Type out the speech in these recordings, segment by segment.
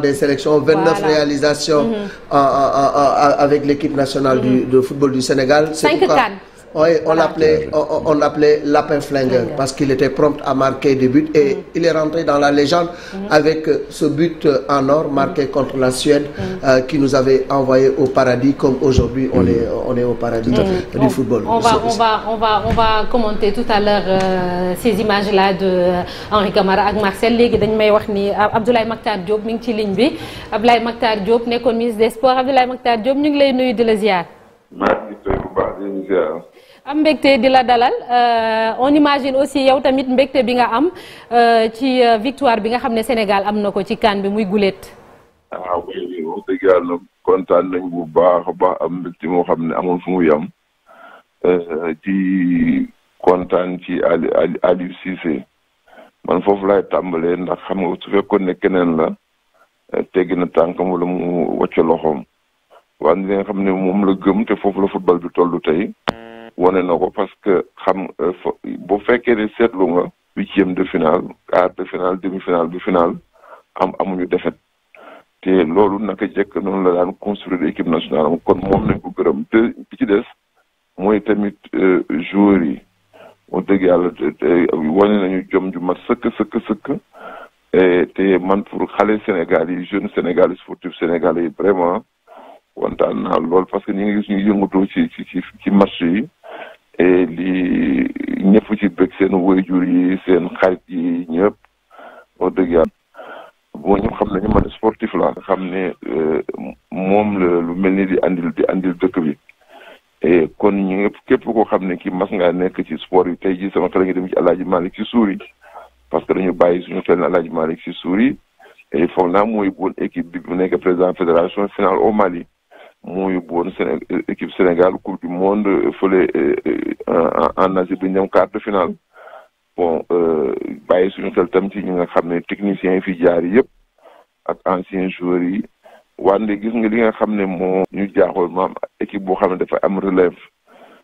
des sélections 29 voilà. réalisations mm -hmm. en, euh, en, euh, en, euh, avec mm-hmm. Sénégal Oui, on l'appelait mmh. on, on l'appelait mmh. parce qu'il était prompt à marquer des buts et mmh. il est rentré dans la légende mm -hmm. avec euh, ce but euh, en or marqué contre la Suède euh, qui nous avait envoyé au paradis comme aujourd'hui on est on est au paradis du football. On va commenter tout à l'heure euh, ces images là de Henri Camara ak Marcel léegi dañ may wax ni Abdoulaye Mactar Diop mi ngi ci ligne bi Abdoulaye Mactar Diop nekkoon ministre des sports ñu ngi lay nuyu di la ziar. am mbégte di la dalal euh, on imagine aussi yow tamit mbégte bi nga am euh, ci euh, victoire bi nga xam ne Sénégal am na ko ci CAN bi muy guléet. ah oui wax dëgg yàlla kontaan nañ bu baax baax am mbégte moo xam ne amul fu mu yam ci kontaan ci Ali Aliou Cissé man foofu laay tàmbalee ndax xam nga su fekkoon ne keneen la teggi na tànkam wala mu wàcc loxoom. wan li nga xam ne moom la gëm te foofu la football bi tollu tey wane na ko parce que xam boo fekkee ne seetlu nga huitième de finale quart de finale demi finale bi finale am amuñu défaite te loolu naka jekk noonu la daan construire équipe nationale am kon moom nañ ko gërëm te bi ci des mooy tamit euh, joueurs yi wax dëgg yàlla wane nañu jom ju mat sëkk sëkk sëkk te man pour xale Sénégal yi jeune Sénégal sportif Sénégal yi vraiment kontaan naa lool parce que ñu ngi gis ñu yëngatu ci ci ci ci yi et li ñëpp ci bëgg seen waajur yi seen xarit yi ñëpp wax dëgg yàlla bon xam nañu man sportif la nga xam ne euh, moom lu mel ni di andil di andil dëkk bi et kon ñu ñëpp képp ko xam ne ki mas ngaa nekk ci sport yi tey jii sama xel ngi dem ci Alaaji Malick si suur yi parce que dañu bàyyi suñu xel na Alaaji Malick si suur yi et foog naa mooy bon équipe bi bu nekk président fédération finale au Mali moo yóbbu woon Séné équipe Sénégal coupe du monde fële euh, euh, en Asie bi ñëw quart de finale bon euh, bàyyi suñu xel tam ci ñi nga xam ne techniciens yi fi jaar yëpp ak anciens joueurs yi wante gis nga li nga xam ne moo ñu jaaxool maam équipe boo xam ne dafa am relève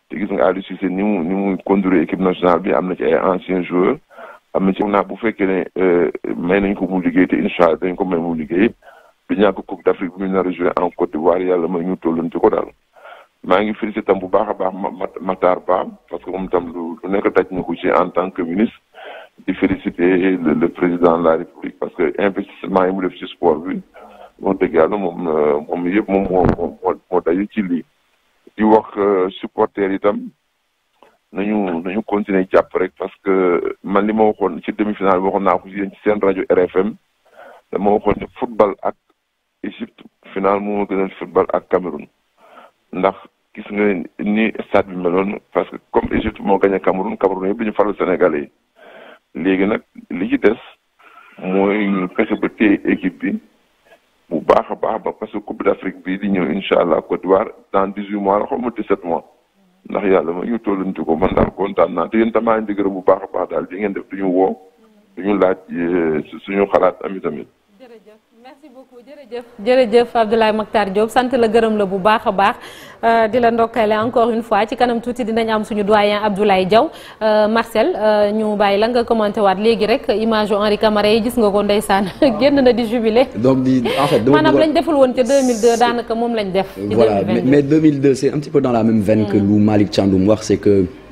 te gis nga Aliou Cissé ni mu ni mu conduire équipe nationale bi am na ci ay anciens joueurs am na ci naa bu fekkee ne may nañ ko mu liggéey te incha allah dañ ko may mu liggéey. du ñàkk coupe d'Afrique bu ñu nar a may ñu tollanti ko daal maa ngi félicité tam bu baax a baax Matar Ba parce que moom tam lu nekk daj na ko ci en tant que ministre di félicité le président la République parce que investissement yi mu def ci sport bi wax dëgg yàlla moom euh, moom yëpp moom moo moo moo daju ci lii di wax euh, supporters yi tam nañu nañu continuer jàpp rek parce que man li ma waxoon ci demi-finale bi waxoon naa ko ci yéen seen rajo RFM dama waxoon ne football ak Égypte final moo gënoon football ak Cameroun ndax gis nga ni stade bi meloon parce que comme Égypte moo gagné Cameroun Cameroun yëpp dañu faral Sénégalais yi léegi nag li ci des mooy ñu fexe ba téye équipe bi bu baax a baax ba parce que Coupe d'Afrique bii di ñëw incha allah Côte d'Ivoire dans dix-huit mois la xaw ma dix-sept mois ndax yàlla ma ñu tollantu ko man kontaan naa te yéen tam maa bu baax a baax daal di ngeen def duñu woo duñu laaj euh, suñu xalaat ami tamit beaucoup jërëjëf jërëjëf Abdoulaye Mactar Diop sant la gërëm la bu baax a baax euh, di la ndokkale encore une fois ci kanam tuuti dinañ am suñu doyen Abdoulaye Diaw euh, Marcel euh, ñu bàyyi la nga commenté waat léegi rek image yu Henri Camara yi gis nga ko ndeysaan génn na di jubilé. donc di en fait lañ deful woon ca daanaka moom lañ def. ci 2022 voilà mais 2002 c'est un petit peu dans la même veine que hmm. lu Malick Thiandoum wax c'est que.